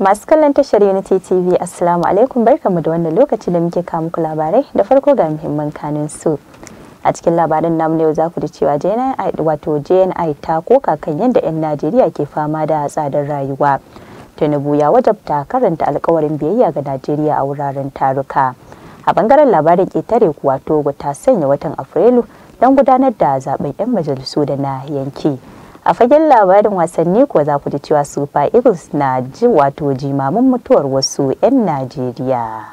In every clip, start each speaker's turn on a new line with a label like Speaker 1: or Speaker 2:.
Speaker 1: Masu kallon tashar Unity TV Assalamu alaikum barkamu da wannan lokaci da muke kawo muku labarai da farko ga muhimman kanin su. A cikin labarin namu na yau za ku ji cewa JNI wato JNI ta koka kan yadda 'yan Najeriya ke fama da tsadar rayuwa. Tinubu ya wajabta karanta alkawarin biyayya ga Najeriya a wuraren taruka. A bangaren labarin ƙetare kuwa Togo ta sanya watan Afrilu don gudanar da zaben 'yan majalisu da na yanki. a fagen labarin wasanni kuwa za ku ji cewa super eagles na ji wato jimamin mutuwar wasu 'yan najeriya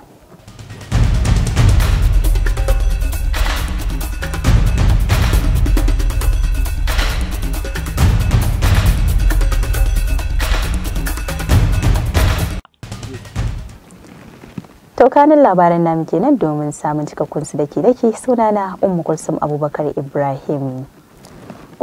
Speaker 1: Tokanin labaran namu kenan domin samun cikakkun su da ke dake sunana umu Kulsum Abubakar Ibrahim.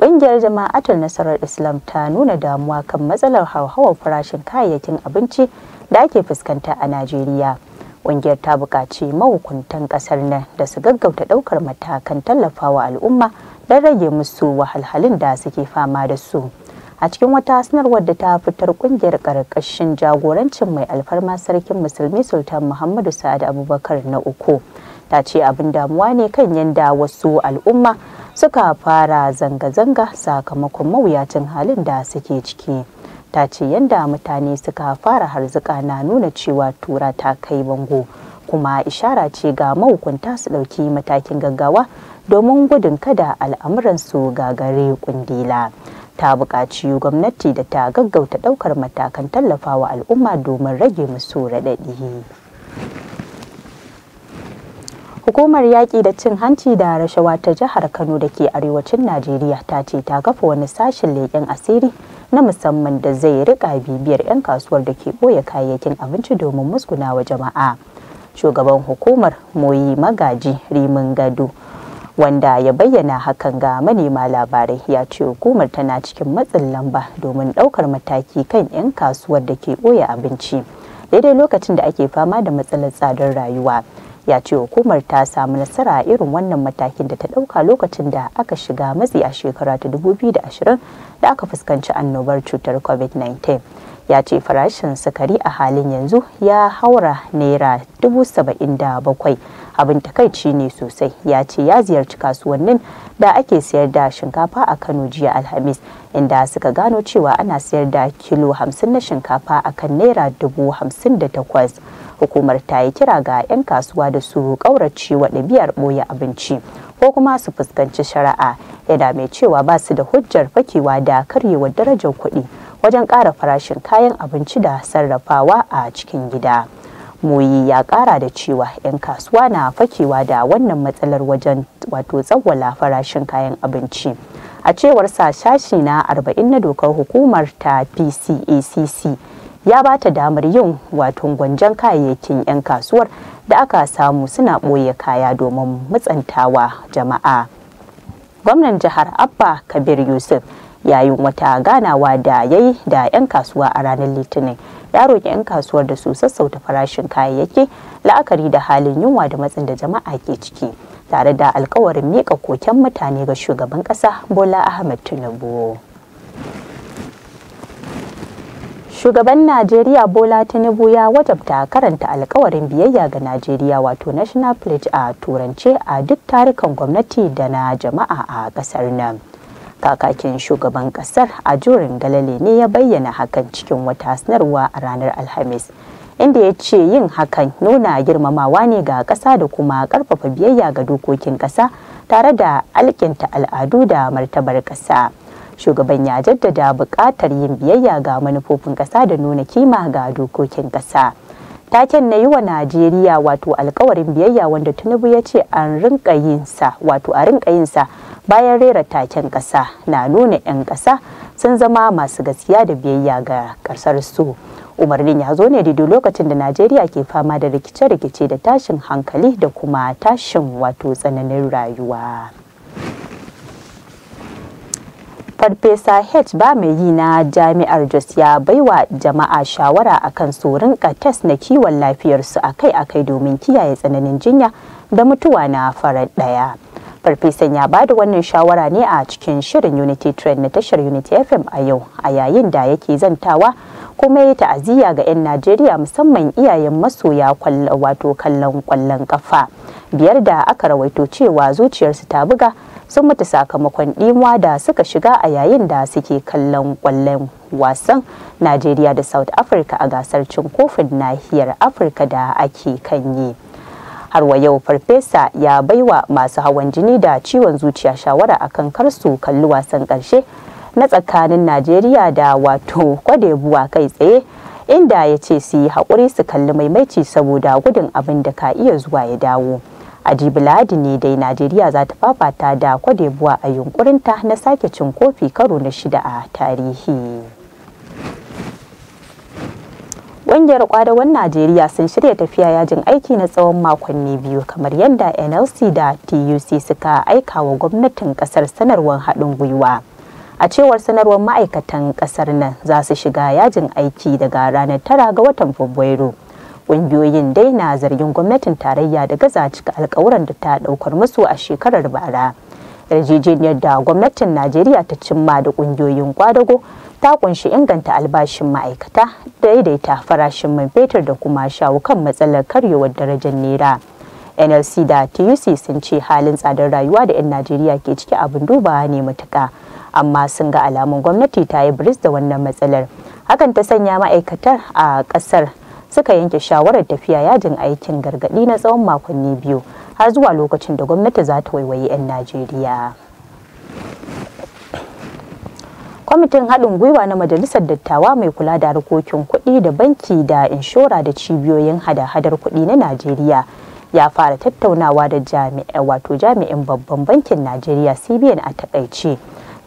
Speaker 1: Ƙungiyar jama'atul nasarar Islam ta nuna damuwa kan matsalar hauhawar farashin kayayyakin abinci da ake fuskanta a Najeriya. Ƙungiyar ta buƙaci mahukuntan ƙasar nan da su gaggauta ɗaukar matakan tallafawa al'umma don rage musu wahalhalun da suke fama da su. a cikin wata sanarwar da ta fitar kungiyar ƙarƙashin jagorancin mai alfarma sarkin musulmi sultan muhammadu sa'ad abubakar na uku ta ce abin damuwa ne kan yadda wasu al'umma suka fara zanga-zanga sakamakon mawuyacin halin da suke ciki ta ce yadda mutane suka fara harzuka na nuna cewa tura ta kai bango kuma ishara ce ga mahukunta su ɗauki matakin gaggawa domin gudun kada al'amuransu gagare kundila ta buƙaci gwamnati da ta gaggauta ɗaukar matakan tallafawa al'umma domin rage musu raɗaɗi. Hukumar yaƙi da cin hanci da rashawa ta jihar Kano da ke arewacin Najeriya ta ce ta kafa wani sashen leƙen asiri na musamman da zai riƙa bibiyar 'yan kasuwar da ke ɓoye kayayyakin abinci domin musgunawa jama'a. Shugaban hukumar Moyi Magaji Rimin Gado wanda ya bayyana hakan ga manema labarai ya ce hukumar tana cikin matsin lamba domin ɗaukar mataki kan 'yan kasuwar da ke ɓoye abinci daidai lokacin da ake fama da matsalar tsadar rayuwa. ya ce hukumar ta samu nasara a irin wannan matakin da ta ɗauka lokacin da aka shiga matsi a shekara ta 2020 da aka fuskanci annobar cutar covid-19 ya ce farashin sukari a halin yanzu ya haura naira 77 abin takaici ne sosai ya ce ya ziyarci kasuwannin da ake sayar da shinkafa a kano jiya alhamis inda suka gano cewa ana sayar da kilo 50 na shinkafa akan naira 58 hukumar ta yi kira ga 'yan kasuwa da su kaurace wa ɗabi'ar ɓoye abinci ko kuma su fuskanci shari'a yana mai cewa ba su da hujjar fakewa da karyewar darajar kuɗi wajen ƙara farashin kayan abinci da sarrafawa a cikin gida. moyi ya ƙara da cewa 'yan kasuwa na fakewa da wannan matsalar wajen wato tsawwala farashin kayan abinci a cewar sa shashi na 40 na dokar hukumar ta pcacc ya ba ta damar yin wato gwanjan kayayyakin 'yan kasuwar da aka samu suna ɓoye kaya domin matsantawa jama'a gwamnan jihar abba kabir yusuf yayin wata ganawa da ya yi da 'yan kasuwa a ranar litinin ya roƙi 'yan kasuwar da su sassauta farashin kayayyaki la'akari da halin yunwa da matsin da jama'a ke ciki tare da alkawarin miƙa koken mutane ga shugaban ƙasa bola ahmed tinubu Shugaban Najeriya Bola Tinubu ya wajabta karanta alkawarin biyayya ga Najeriya wato National Pledge a turance a duk tarukan gwamnati da na jama'a a kasar nan. Kakakin shugaban kasar a jurin galale ne ya bayyana hakan cikin wata sanarwa a ranar Alhamis. Inda ya ce yin hakan nuna girmamawa ne ga ƙasa da kuma karfafa biyayya ga dokokin ƙasa tare da alkinta al'adu da martabar ƙasa. shugaban ya jaddada buƙatar yin biyayya ga manufofin ƙasa da nuna kima ga dokokin ƙasa taken na yi wa najeriya wato alkawarin biyayya wanda tinubu ya ce an rinka yinsa wato a rinka yinsa bayan rera taken ƙasa na nuna 'yan ƙasa sun zama masu gaskiya da biyayya ga ƙasar su umarnin ya zo ne daidai lokacin da najeriya ke fama da rikice-rikice da tashin hankali da kuma tashin wato tsananin rayuwa. farfesa h ba mai yi na jami'ar jos ya baiwa jama'a shawara akan su rinka test na kiwon lafiyarsu a kai domin kiyaye tsananin jinya da mutuwa na farar daya farfesan ya ba da wannan shawara ne a cikin shirin unity trend na tashar unity fm a yau a yayin da yake zantawa kuma ya ta'aziyya ga 'yan najeriya musamman iyayen masoya wato kallon kwallon kafa biyar da aka rawaito cewa zuciyarsu ta buga sun mutu sakamakon dimwa da suka shiga a yayin da suke kallon ƙwallon wasan najeriya da south africa a gasar cin kofin nahiyar afirka da ake kanye yi har wa yau farfesa ya baiwa masu hawan jini da ciwon zuciya shawara akan kar su kalli wasan ƙarshe na tsakanin najeriya da wato kwadebuwa kai tsaye inda ya ce su yi haƙuri su kalli maimaici saboda gudun abin da ka iya zuwa ya dawo ajibu ladi ne dai najeriya za ta fafata da kwadebuwa a yunkurinta na sake cin kofi karo na shida a tarihi Ƙungiyar kwadawan Najeriya sun shirya tafiya yajin aiki na tsawon makonni biyu kamar yadda NLC da TUC suka aika wa gwamnatin ƙasar sanarwar haɗin gwiwa. A cewar sanarwar ma'aikatan ƙasar nan za su shiga yajin aiki daga ranar tara ga watan Fabrairu. Ƙungiyoyin dai na zargin gwamnatin tarayya da gaza cika alkawuran da ta ɗaukar musu a shekarar bara. Yarjejeniyar da gwamnatin Najeriya ta cimma da ƙungiyoyin kwadago ta kunshi inganta albashin ma'aikata daidaita farashin man fetur da kuma shawo kan matsalar karyewar darajar nera. nlc da tuc sun ce halin tsadar rayuwa da 'yan najeriya ke ciki abin duba ne matuka amma sun ga alamun gwamnati ta yi biris da wannan matsalar hakan ta sanya ma'aikatar a ƙasar. suka yanke shawarar tafiya yajin aikin gargaɗi na tsawon makonni biyu har zuwa lokacin da gwamnati za ta waiwayi 'yan Najeriya. kwamitin haɗin gwiwa na majalisar dattawa mai kula da harkokin kuɗi da banki da inshora da cibiyoyin hada-hadar kuɗi na najeriya ya fara tattaunawa da jami'a wato jami'in babban bankin najeriya cbn a takaice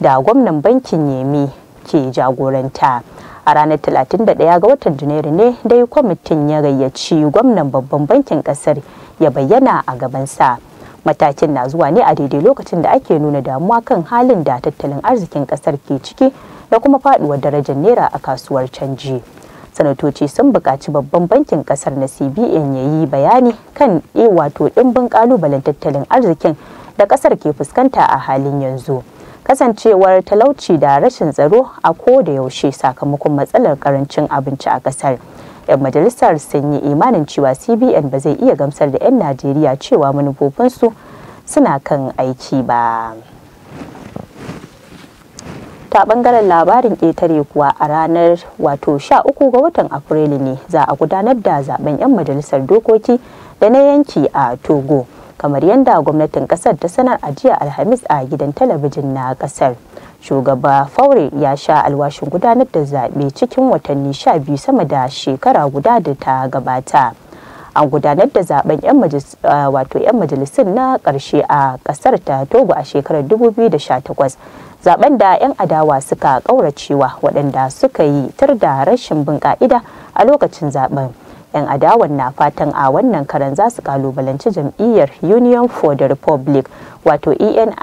Speaker 1: da gwamnan bankin yemi ke jagoranta a ranar 31 ga watan janairu ne dai kwamitin ya gayyaci gwamnan babban bankin kasar ya bayyana a gabansa matakin na zuwa ne a daidai lokacin da ake nuna damuwa kan halin da tattalin arzikin kasar ke ciki da kuma faduwar darajar naira a kasuwar canji sanatoci sun buƙaci babban bankin kasar na cbn ya yi bayani kan e wato ɗimbin ƙalubalen tattalin arzikin da kasar ke fuskanta a halin yanzu. kasancewar talauci da rashin tsaro a koda yaushe sakamakon matsalar karancin abinci a kasar. 'yan majalisar sun yi imanin cewa cbn ba zai iya gamsar da 'yan najeriya cewa manufofinsu suna kan aiki ba ta bangaren labarin ƙetare kuwa a ranar wato 13 ga watan afrilu ne za a gudanar da zaben 'yan majalisar dokoki da na yanki a togo kamar yadda gwamnatin kasar ta sanar a jiya alhamis a gidan talabijin na kasar shugaba faure ya sha alwashin gudanar da zaɓe cikin watanni sha biyu sama da shekara guda da ta gabata an gudanar da zaben yan majalisun na ƙarshe a ƙasar ta togo a shekarar 2018 zaben da 'yan adawa suka ƙauracewa waɗanda suka yi tar da rashin bin ƙa'ida a lokacin zaben 'yan adawan na fatan a wannan karan za su kalubalanci jam'iyyar union for the republic wato enir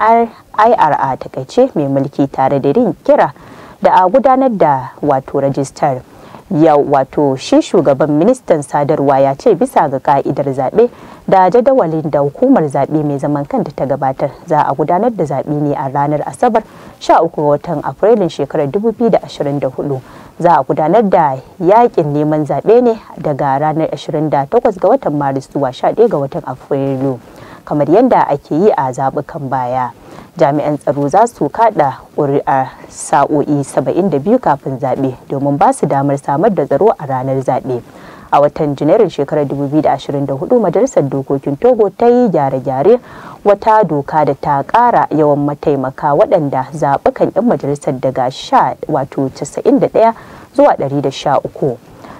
Speaker 1: a takaice mai mulki tare da rin kira da a gudanar da wato rajistar yau wato shi shugaban ministan sadarwa ya ce bisa ga ka'idar zaɓe da jadawalin da hukumar zaɓe mai zaman kanta ta gabatar za a gudanar da zaɓe ne a ranar asabar 13 watan afrilun shekarar 2024 za a gudanar da yakin neman zaɓe ne daga ranar 28 ga watan maris zuwa 11 ga watan afrilu. kamar yadda ake yi a zabukan baya jami'an tsaro za su kada ƙuri'a sa'o'i 72 kafin zaɓe domin ba su damar samar da tsaro a ranar zaɓe a watan janairun shekarar 2024 majalisar dokokin togo ta yi gyare-gyare wata doka da ta ƙara yawan mataimaka waɗanda zaɓukan 'yan majalisar daga 91 zuwa 113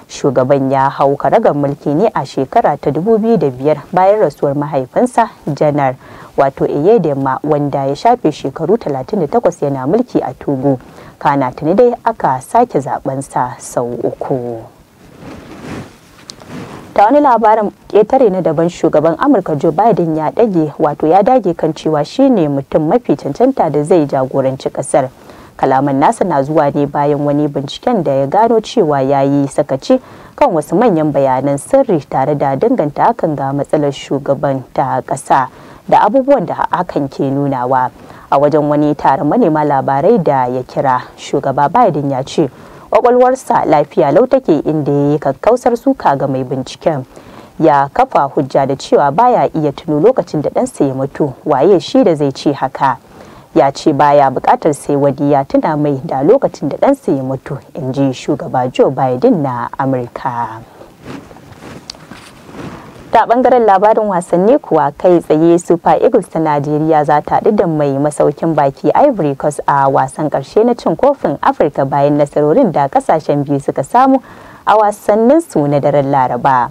Speaker 1: shugaban ya hau karagar mulki ne a shekara ta 2005 bayan rasuwar mahaifinsa janar wato eyedema wanda ya shafe shekaru 38 yana mulki a togo kana tuni dai aka sake zabensa sau uku ta wani labarin ƙetare na daban shugaban amurka joe biden ya dage wato ya dage kan cewa shine mutum mafi cancanta da zai jagoranci ƙasar. kasar kalaman nasa na zuwa ne bayan wani binciken da ya gano cewa ya yi sakaci kan wasu manyan bayanan sirri tare da danganta hakan ga matsalar shugaban ta ƙasa da abubuwan da hakan ke nunawa a wajen wani taron manema labarai da ya kira shugaba biden ya ce kwakwalwarsa lafiya lau take inda ya yi kakkausar suka ga mai binciken ya kafa hujja da cewa baya iya tuno lokacin da ɗansa ya mutu waye shi da zai ce haka ya ce baya bukatar sai wani ya tuna mai da lokacin da ɗansa ya mutu in ji shugaba joe biden na amurka ta bangaren labarin wasanni kuwa kai tsaye super eagles ta najeriya za ta haɗu da mai masaukin baki ivory coast a wasan ƙarshe na cin kofin afirka bayan nasarorin da kasashen biyu suka samu a wasannin su na daren laraba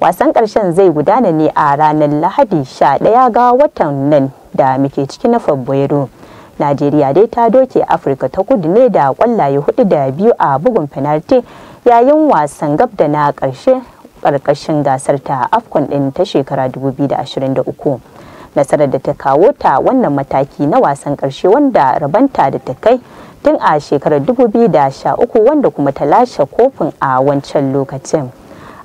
Speaker 1: wasan ƙarshen zai gudana ne a ranar lahadi 11 ga watan nan da muke ciki na fabrairu najeriya dai ta doke afirka ta kudu ne da kwallaye hudu da biyu a bugun fenalti yayin wasan gab da na karshe karkashin gasar ta afcon din ta shekara 2023 nasarar da ta kawo ta wannan mataki na wasan karshe wanda rabanta da ta kai tun a shekarar 2013 wanda kuma ta lashe kofin a wancan lokacin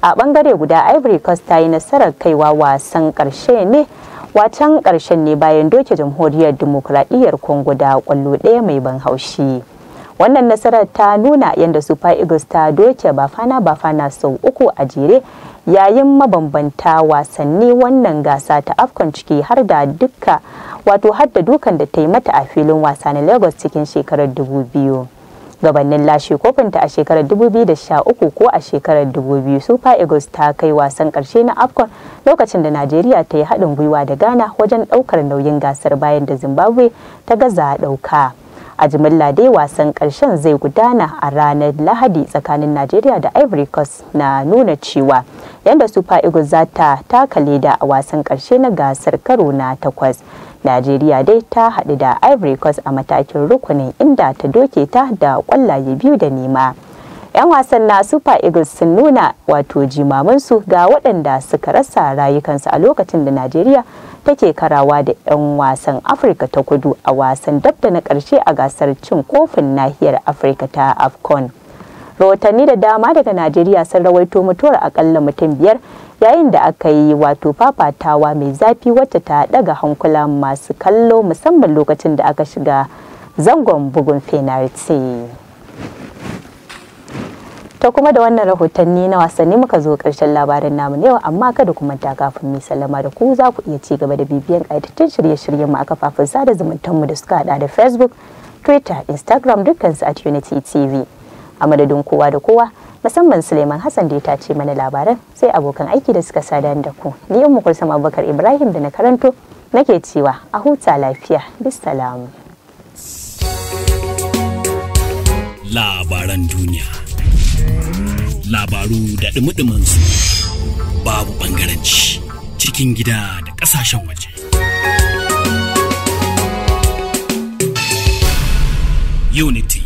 Speaker 1: a bangare guda ivory coast ta yi nasarar kaiwa wasan karshe ne wacan ƙarshen ne bayan doke jamhuriyar dimokuraɗiyyar kongo da kwallo ɗaya mai ban haushi wannan nasarar ta nuna yadda super eagles ta doke bafana bafana sau uku a jere yayin mabambanta wasanni wannan gasa ta afkon ciki har da dukka wato har da dukan da ta yi mata a filin wasa na lagos cikin shekarar 2000 gabanin lashe kofinta a shekarar 2013 ko a shekarar 2000 super eagles ta kai wasan karshe na afcon lokacin da najeriya ta yi haɗin gwiwa da ghana wajen ɗaukar nauyin gasar bayan da zimbabwe ta gaza ɗauka a jimilla dai wasan ƙarshen zai gudana a ranar lahadi tsakanin najeriya da ivory coast na nuna cewa yadda super eagles za ta taka leda a wasan ƙarshe na gasar karo na takwas najeriya dai ta haɗu da ivory coast a matakin rukunin inda ta doke ta da ƙwallaye biyu da nema 'yan wasan na super eagles sun nuna wato jimamansu ga waɗanda suka rasa rayukansu a lokacin da najeriya take karawa da 'yan wasan afirka ta kudu a wasan dab na ƙarshe a gasar cin kofin nahiyar afirka ta afcon rahotanni da dama daga najeriya sun rawaito mutuwar akalla mutum biyar yayin da aka yi wato fafatawa mai zafi wacce ta daga hankula masu kallo musamman lokacin da aka shiga zangon bugun fenalti. ta kuma da wannan rahotanni na wasanni muka zo karshen labarin namu yau amma kada kuma ta kafin mai salama da ku za ku iya ci gaba da bibiyan ƙaitattun shirye-shiryen mu a kafafen sada zumuntar mu da suka hada da Facebook, Twitter, Instagram dukkan su at Unity TV. A madadin kowa da kowa musamman Suleiman Hassan da ya tace mana labaran sai abokan aiki da suka sada da ku. Ni Ummu Kulsum Abubakar Ibrahim da na karanto nake cewa a huta lafiya salamu. Labaran duniya. Labaru da dumudumin su babu ɓangaranci cikin gida da ƙasashen waje. Unity.